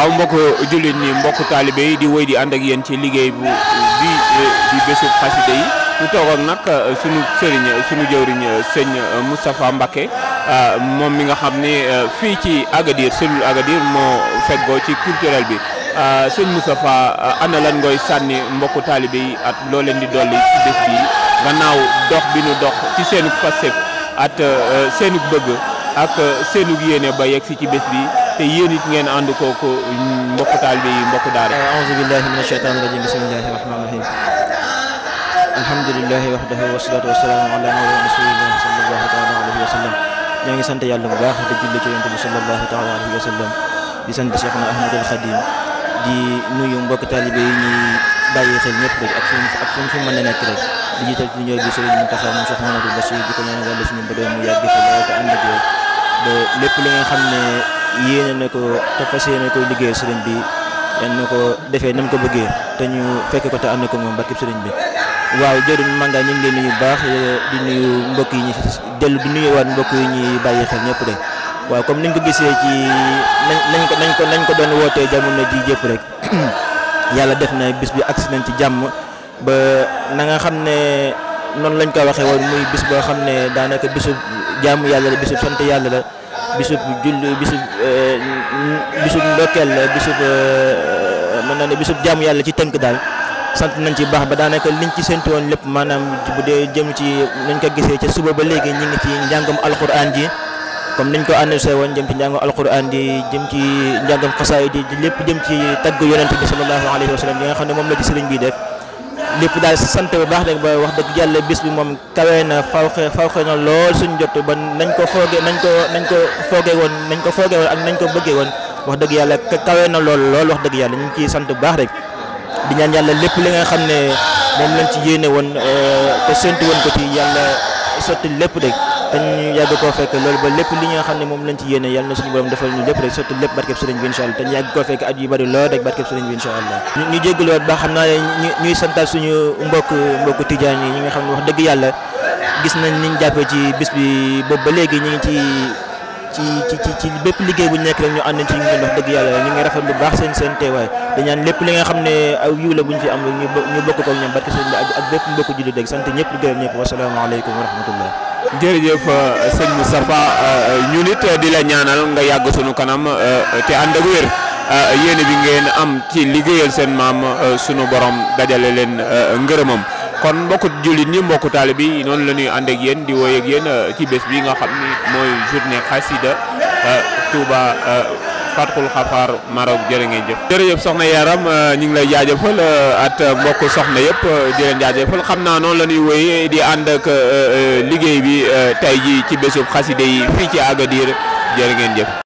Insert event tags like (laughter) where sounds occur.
waaw mbokk jullit ñi mbokk taalibe yi di wéy di ànd ak yéen ci liggéey bu bi eh, di bésu xasida yi ñu toog ak nag eh, sunu sëriñ sunu jëwriñ eh, sëñ Moustapha Mbacké moom mi nga xam ni fii ci Agadir cellule Agadir moo feggoo ci culturel bi sëñ Moustapha ana lan sànni mbokk taalibe yi at loo leen di dolli ci bés bi gannaaw dox bi nu dox ci seenu passé at seenu bëgg ak seenu yéene ba yegg si ci bés bi te yéen it ngeen ànd kooku mbokku taalibe yi mbokku daara aouzu billahi min asheytaani rajim bismillahi rahmaani rahim alhamdulilahi wahdahu wasalaatu wasalaamu ala mawlana rasulillah sallallahu taala alayhi wa sallam ñoo ngi sant yàlla bu baax di julli ci yonent bi sallallahu taala alayhi wa sallam di sant Cheikhna Ahmadul Khadim di nuyu mbokk taalibe yi ñuy bàyyi xel ñëpp rek ak fu ak fu mu mën a nekk rek di jiital ci ñëw bi Serigne Mountakha moom Cheikh Mamadou Bassirou di ko ñaan yàlla suñu ba doon mu yàgg fa lool te ànd ak yow ba lépp li nga xam ne yéene na ko te fas yéene koy liggéey sëriñ bi yan na ko defee nam ko bëggee te ñu fekk ko te ànd ko moom barkib sëriñ bi waaw jëriñ manga ñu ngi leen nuyu baax di nuyu mbokk yi ñu dellu di nuyuwaat mbokk yi ñuy bàyyi xel ñëpp rek waaw comme niñ ko gisee ci nañ ko nañ ko nañ ko doon wootee jamono ji jëpp rek (clears throat) yàlla def na bis bi agsi nañ ci jàmm ba na nga xam ne noonu lañ ko waxee woon muy bis boo xam ne daanaka bisu jàmm yàlla la bisu sant yàlla la bisub jull bisub eh, bisub ndokkeel la bisub eh, mën naa ne bisub jaamu yàlla ci tënk daal sant nañ ci baax ba daanaka liñ ci séntu woon lépp maanaam bu dee jëm ci nañ ko gisee ca suba ba léegi ñu ngi ci njàngam alquran ji comme nañ ko annoncé woon jëm ci njàngam alquran di jëm ci njàngam xasaay di lépp jëm ci tagg yonent bi sallallahu alayhi wa sallam yi nga xam ne moom la ci sëriñ bi def lépp daal sant bu baax rek ba wax dëgg yàlla bis bi moom kawe na faw fawxe na lool suñ jot ba nañ ko fooge nañ ko nañ ko fooge woon nañ ko fooge ak nañ ko bëggee woon wax dëgg yàlla kawe na lool lool wax dëgg yàlla ñu ngi ciy sant bu baax rek di ñaan yàlla lépp li nga xam ne moom lañ ci yéene woon euh, te séntu woon ko ci yàlla sotti lépp rek. te ñu yàgg koo fekk loolu ba lépp li nga xam ne moom lañ ci yéene yàlla na suñu borom defal ñu lépp rek surtout lépp barkeb sëriñ bi incha allah te ñu yàgg koo fekk at yu bari lool rek barkeb sëriñ bi incha allah ñu jégalu waat ba xam naa ñuy santaat suñu mbokk mbokk tijaan yi ñi nga xam ne wax dëgg yàlla gis nañ niñ jàppee ci bis bi boobu ba léegi ñu ngi ci ci ci ci bépp liggéey bu nekk rek ñu ànd nañ ci ñu wax dëgg yàlla ñu ngi rafet bu baax seen seen teewaay di ñaan lépp li nga xam ne aw yiw la bu ñu fi am ñu bokk ko ñoom barke sëñ bi ak bépp mbokku jullit rek sant ñëpp di gërëm ñëpp wasalaamaaleykum wa rahmatullah euh, euh, euh, di la ñaanal nga yàgg sunu kanam te ànd ak wér yéene bi ngeen am ci liggéeyal seen maam sunu borom dajale leen ngërëmam kon mbokku jullit ñi mbokku taalibe noonu la ñuy ànd ak yéen di woy ak ci bés bi nga xam ni mooy ne xasida Touba Fatxul Xafaar Maroc jërë ngeen jëf jërëjëf soxna yaram euh, ñu ngi lay jaajëfal euh, at mbokk soxna yëpp euh, di leen jaajëfal xam naa noonu la ñuy wéy di ànd ak liggéey bi tey ji ci bésub xaside yi fii ci Agadir jërë ngeen jëf